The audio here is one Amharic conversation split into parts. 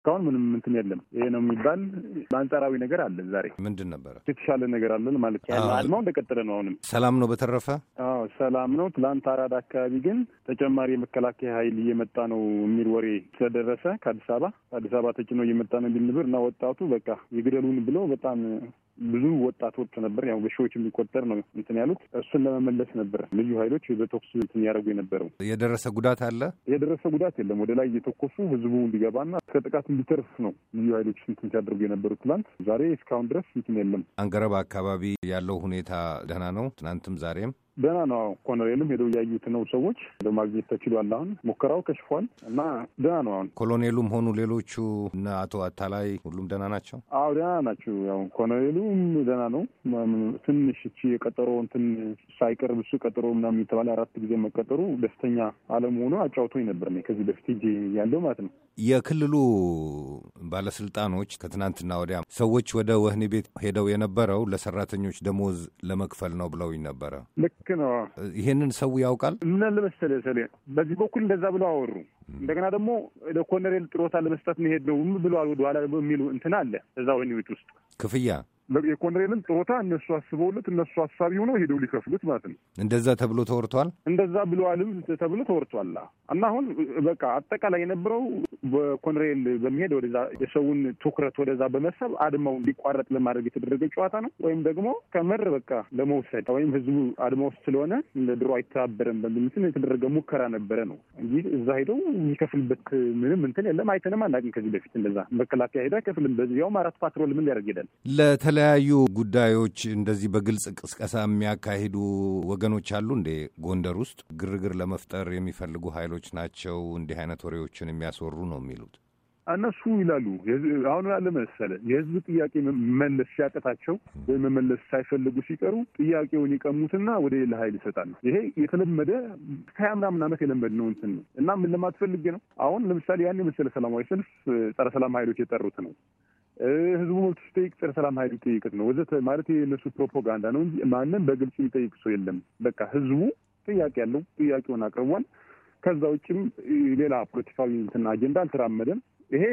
እስካሁን ምንም እንትን የለም። ይሄ ነው የሚባል በአንጻራዊ ነገር አለ። ዛሬ ምንድን ነበረ የተሻለ ነገር አለን ማለት ነው። አድማው እንደቀጠለ ነው። አሁንም ሰላም ነው። በተረፈ አዎ ሰላም ነው። ትላንት አራዳ አካባቢ ግን ተጨማሪ የመከላከያ ኃይል እየመጣ ነው የሚል ወሬ ስለደረሰ ከአዲስ አበባ አዲስ አበባ ተጭኖ እየመጣ ነው የሚል ንብር እና ወጣቱ በቃ የግደሉን ብሎ በጣም ብዙ ወጣቶች ነበር። ያው በሺዎች የሚቆጠር ነው እንትን ያሉት። እሱን ለመመለስ ነበር ልዩ ኃይሎች በተኩስ እንትን ያደረጉ የነበረው። የደረሰ ጉዳት አለ? የደረሰ ጉዳት የለም። ወደ ላይ እየተኮሱ ህዝቡ እንዲገባና ጥቃት እንዲተርፍ ነው ልዩ ኃይሎች እንትን ሲያደርጉ የነበሩት ትላንት። ዛሬ እስካሁን ድረስ እንትን የለም። አንገረብ አካባቢ ያለው ሁኔታ ደህና ነው? ትናንትም ዛሬም ደህና ነው። ኮሎኔልም ሄደው እያዩት ነው ሰዎች ለማግኘት ተችሏል። አሁን ሙከራው ከሽፏል እና ደህና ነው። አሁን ኮሎኔሉም ሆኑ ሌሎቹ እና አቶ አታላይ ሁሉም ደህና ናቸው። አዎ ደህና ናቸው። ያው ኮሎኔሉም ደህና ነው። ትንሽ እቺ የቀጠሮ እንትን ሳይቀርብ እሱ ቀጠሮ ምናምን የተባለ አራት ጊዜ መቀጠሩ ደስተኛ አለመሆኑ አጫውቶኝ ነበር ከዚህ በፊት እጅ ያለው ማለት ነው። የክልሉ ባለስልጣኖች ከትናንትና ወዲያ ሰዎች ወደ ወህኒ ቤት ሄደው የነበረው ለሰራተኞች ደሞዝ ለመክፈል ነው ብለውኝ ነበረ። ልክ ልክ ነው። ይሄንን ሰው ያውቃል። ምን አለ ሰሌ በዚህ በኩል እንደዛ ብለው አወሩ። እንደገና ደግሞ ለኮሎኔል ጥሮታ ለመስጠት መሄድ ነው ብለዋል ወደኋላ የሚሉ እንትን አለ እዛ ወህኒ ቤት ውስጥ ክፍያ የኮሎኔልን ጡረታ እነሱ አስበውለት እነሱ አሳቢ ሆነው ሄደው ሊከፍሉት ማለት ነው። እንደዛ ተብሎ ተወርቷል። እንደዛ ብለዋልም ተብሎ ተወርቷል። እና አሁን በቃ አጠቃላይ የነበረው በኮሎኔል በመሄድ ወደዛ የሰውን ትኩረት ወደዛ በመሳብ አድማው እንዲቋረጥ ለማድረግ የተደረገ ጨዋታ ነው። ወይም ደግሞ ከመር በቃ ለመውሰድ ወይም ህዝቡ አድማ ውስጥ ስለሆነ እንደ ድሮ አይተባበረም በሚል እንትን የተደረገ ሙከራ ነበረ ነው እንጂ እዛ ሄደው የሚከፍልበት ምንም እንትን የለም። አይተንም አናውቅም ከዚህ በፊት እንደዛ መከላከያ ሄዶ አይከፍልም። በዚያውም አራት ፓትሮል ምን ያደርግ ሄዳል የተለያዩ ጉዳዮች እንደዚህ በግልጽ ቅስቀሳ የሚያካሂዱ ወገኖች አሉ እንዴ? ጎንደር ውስጥ ግርግር ለመፍጠር የሚፈልጉ ኃይሎች ናቸው እንዲህ አይነት ወሬዎችን የሚያስወሩ ነው የሚሉት እነሱ ይላሉ። አሁን ያለ መሰለ የህዝብ ጥያቄ መመለስ ሲያቀታቸው ወይም መመለስ ሳይፈልጉ ሲቀሩ ጥያቄውን ይቀሙትና ወደ ሌላ ኃይል ይሰጣሉ። ይሄ የተለመደ ከሀያ ምናምን ዓመት የለመድ ነው እንትን ነው እና ምን ለማትፈልግ ነው። አሁን ለምሳሌ ያን የመሰለ ሰላማዊ ሰልፍ ጸረ ሰላም ኃይሎች የጠሩት ነው ህዝቡ መብት ሲጠይቅ ጸረ ሰላም ሀይሉ ይጠይቅት ነው ወዘተ ማለት የእነሱ ፕሮፓጋንዳ ነው እንጂ ማንም በግልጽ የሚጠይቅ ሰው የለም። በቃ ህዝቡ ጥያቄ ያለው ጥያቄውን አቅርቧል። ከዛ ውጭም ሌላ ፖለቲካዊ እንትን አጀንዳ አልተራመደም። ይሄ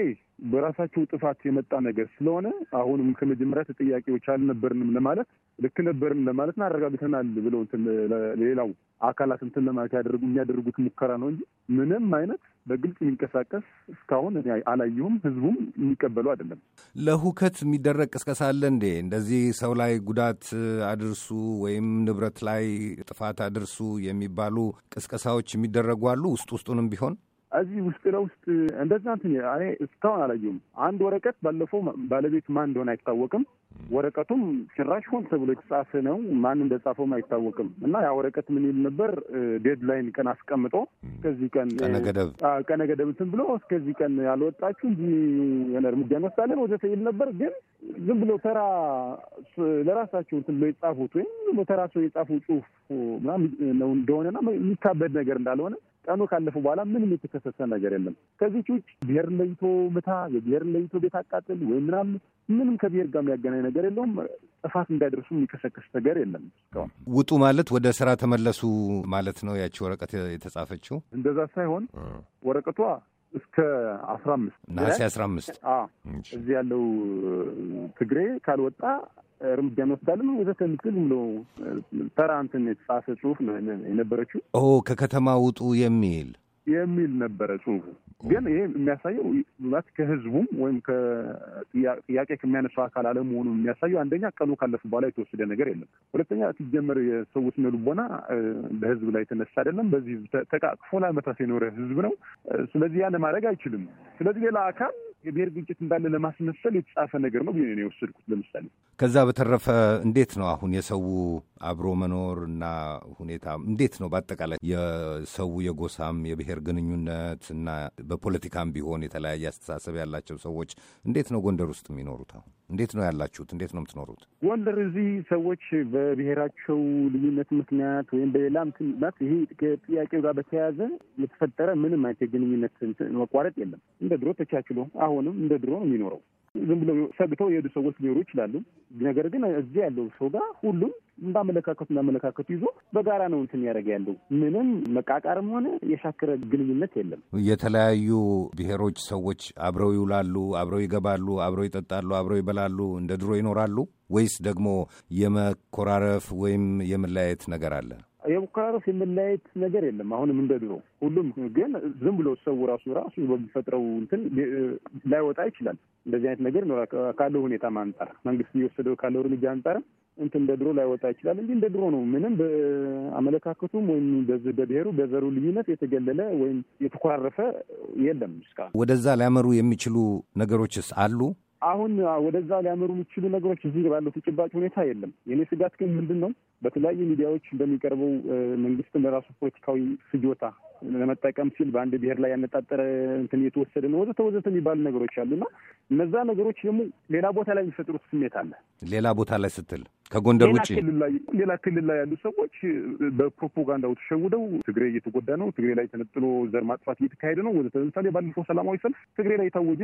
በራሳቸው ጥፋት የመጣ ነገር ስለሆነ አሁንም ከመጀመሪያ ተጠያቂዎች አልነበርንም ለማለት ልክ ነበርም ለማለትና አረጋግተናል ብለው ሌላው አካላት እንትን ለማለት ያደርጉ የሚያደርጉት ሙከራ ነው እንጂ ምንም አይነት በግልጽ የሚንቀሳቀስ እስካሁን አላየሁም። ህዝቡም የሚቀበሉ አይደለም። ለሁከት የሚደረግ ቅስቀሳ አለ እንዴ? እንደዚህ ሰው ላይ ጉዳት አድርሱ ወይም ንብረት ላይ ጥፋት አድርሱ የሚባሉ ቅስቀሳዎች የሚደረጉ አሉ ውስጥ ውስጡንም ቢሆን እዚህ ውስጥ ለውስጥ እንደዛ እንትን እኔ እስካሁን አላየሁም። አንድ ወረቀት ባለፈው ባለቤት ማን እንደሆነ አይታወቅም። ወረቀቱም ጭራሽ ሆን ተብሎ የተጻፈ ነው። ማን እንደጻፈውም አይታወቅም። እና ያ ወረቀት ምን ይል ነበር? ዴድላይን ቀን አስቀምጦ እስከዚህ ቀን ቀነ ገደብ እንትን ብሎ እስከዚህ ቀን ያልወጣችሁ እንጂ እርምጃ እንወስዳለን ወዘተ ይል ነበር። ግን ዝም ብሎ ተራ ለራሳቸው እንትን ብሎ የጻፉት ወይም ተራ ሰው የጻፉ ጽሁፍ ምናምን ነው እንደሆነና የሚካበድ ነገር እንዳልሆነ ቀኑ ካለፉ በኋላ ምንም የተከሰሰ ነገር የለም። ከዚች ውጭ ብሔር ለይቶ ምታ፣ የብሔር ለይቶ ቤት አቃጥል ወይም ምናምን ምንም ከብሔር ጋር የሚያገናኝ ነገር የለውም። ጥፋት እንዳይደርሱ የሚቀሰቀስ ነገር የለም። እስካሁን ውጡ ማለት ወደ ስራ ተመለሱ ማለት ነው። ያቺ ወረቀት የተጻፈችው እንደዛ ሳይሆን ወረቀቷ እስከ አስራ አምስት ነሐሴ አስራ አምስት እዚህ ያለው ትግሬ ካልወጣ እርምጃ መፍታልም ወዘተ የምትል ብሎ ተራ እንትን የተጻፈ ጽሁፍ ነው የነበረችው። ኦ ከከተማ ውጡ የሚል የሚል ነበረ ጽሁፉ። ግን ይሄ የሚያሳየው ት ከህዝቡም ወይም ጥያቄ ከሚያነሱ አካል አለመሆኑ የሚያሳየው አንደኛ ቀኑ ካለፉ በኋላ የተወሰደ ነገር የለም። ሁለተኛ ሲጀመር የሰዎች ስነ ልቦና በህዝብ ላይ የተነሳ አይደለም። በዚህ ተቃቅፎ ለዓመታት የኖረ ህዝብ ነው። ስለዚህ ያን ማድረግ አይችልም። ስለዚህ ሌላ አካል የብሔር ግጭት እንዳለ ለማስመሰል የተጻፈ ነገር ነው ብዬ ነው የወሰድኩት። ለምሳሌ ከዛ በተረፈ እንዴት ነው አሁን የሰው አብሮ መኖር እና ሁኔታ እንዴት ነው? በአጠቃላይ የሰው የጎሳም የብሔር ግንኙነት እና በፖለቲካም ቢሆን የተለያየ አስተሳሰብ ያላቸው ሰዎች እንዴት ነው ጎንደር ውስጥ የሚኖሩት? አሁን እንዴት ነው ያላችሁት? እንዴት ነው የምትኖሩት? ጎንደር እዚህ ሰዎች በብሔራቸው ልዩነት ምክንያት ወይም በሌላ ምክንያት ይህ ከጥያቄው ጋር በተያያዘ የተፈጠረ ምንም አይነት የግንኙነት መቋረጥ የለም። እንደ ድሮ ተቻችሎ አሁንም እንደ ድሮ ነው የሚኖረው። ዝም ብለው ሰግተው የሄዱ ሰዎች ሊኖሩ ይችላሉ። ነገር ግን እዚህ ያለው ሰው ጋር ሁሉም እንዳመለካከቱ እንዳመለካከቱ ይዞ በጋራ ነው እንትን ያደረገ ያለው። ምንም መቃቃርም ሆነ የሻከረ ግንኙነት የለም። የተለያዩ ብሔሮች ሰዎች አብረው ይውላሉ፣ አብረው ይገባሉ፣ አብረው ይጠጣሉ፣ አብረው ይበላሉ፣ እንደ ድሮ ይኖራሉ ወይስ ደግሞ የመኮራረፍ ወይም የመለያየት ነገር አለ? የመቆራረስ የመለያየት ነገር የለም። አሁንም እንደ ድሮ ሁሉም ግን ዝም ብሎ ሰው ራሱ ራሱ በሚፈጥረው እንትን ላይወጣ ይችላል። እንደዚህ አይነት ነገር ይኖራል። ካለው ሁኔታ አንጻር መንግስት እየወሰደው ካለው እርምጃ አንጻር እንትን እንደ ድሮ ላይወጣ ይችላል እንጂ እንደ ድሮ ነው። ምንም በአመለካከቱም ወይም በዚህ በብሔሩ በዘሩ ልዩነት የተገለለ ወይም የተኮራረፈ የለም። እስካሁን ወደዛ ሊያመሩ የሚችሉ ነገሮችስ አሉ? አሁን ወደዛ ሊያመሩ የሚችሉ ነገሮች እዚህ ባለው ተጨባጭ ሁኔታ የለም። የኔ ስጋት ግን ምንድን ነው፣ በተለያዩ ሚዲያዎች እንደሚቀርበው መንግስትን ለራሱ ፖለቲካዊ ፍጆታ ለመጠቀም ሲል በአንድ ብሔር ላይ ያነጣጠረ እንትን እየተወሰደ ነው ወዘተ ወዘተ የሚባሉ ነገሮች አሉና እነዛ ነገሮች ደግሞ ሌላ ቦታ ላይ የሚፈጥሩት ስሜት አለ። ሌላ ቦታ ላይ ስትል ከጎንደር ውጭ ሌላ ክልል ላይ ያሉ ሰዎች በፕሮፓጋንዳው ተሸውደው ትግሬ እየተጎዳ ነው፣ ትግሬ ላይ ተነጥሎ ዘር ማጥፋት እየተካሄደ ነው ወዘተ። ለምሳሌ ባለፈው ሰላማዊ ሰልፍ ትግሬ ላይ የታወጀ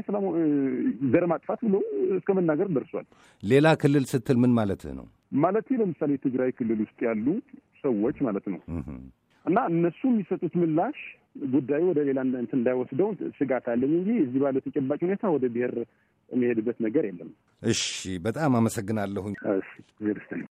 ዘር ማጥፋት ብሎ እስከ መናገር ደርሷል። ሌላ ክልል ስትል ምን ማለት ነው? ማለት ለምሳሌ ትግራይ ክልል ውስጥ ያሉ ሰዎች ማለት ነው እና እነሱ የሚሰጡት ምላሽ ጉዳዩ ወደ ሌላ እንትን እንዳይወስደው ስጋት አለኝ እንጂ እዚህ ባለው ተጨባጭ ሁኔታ ወደ ብሔር የሚሄድበት ነገር የለም። እሺ፣ በጣም አመሰግናለሁኝ።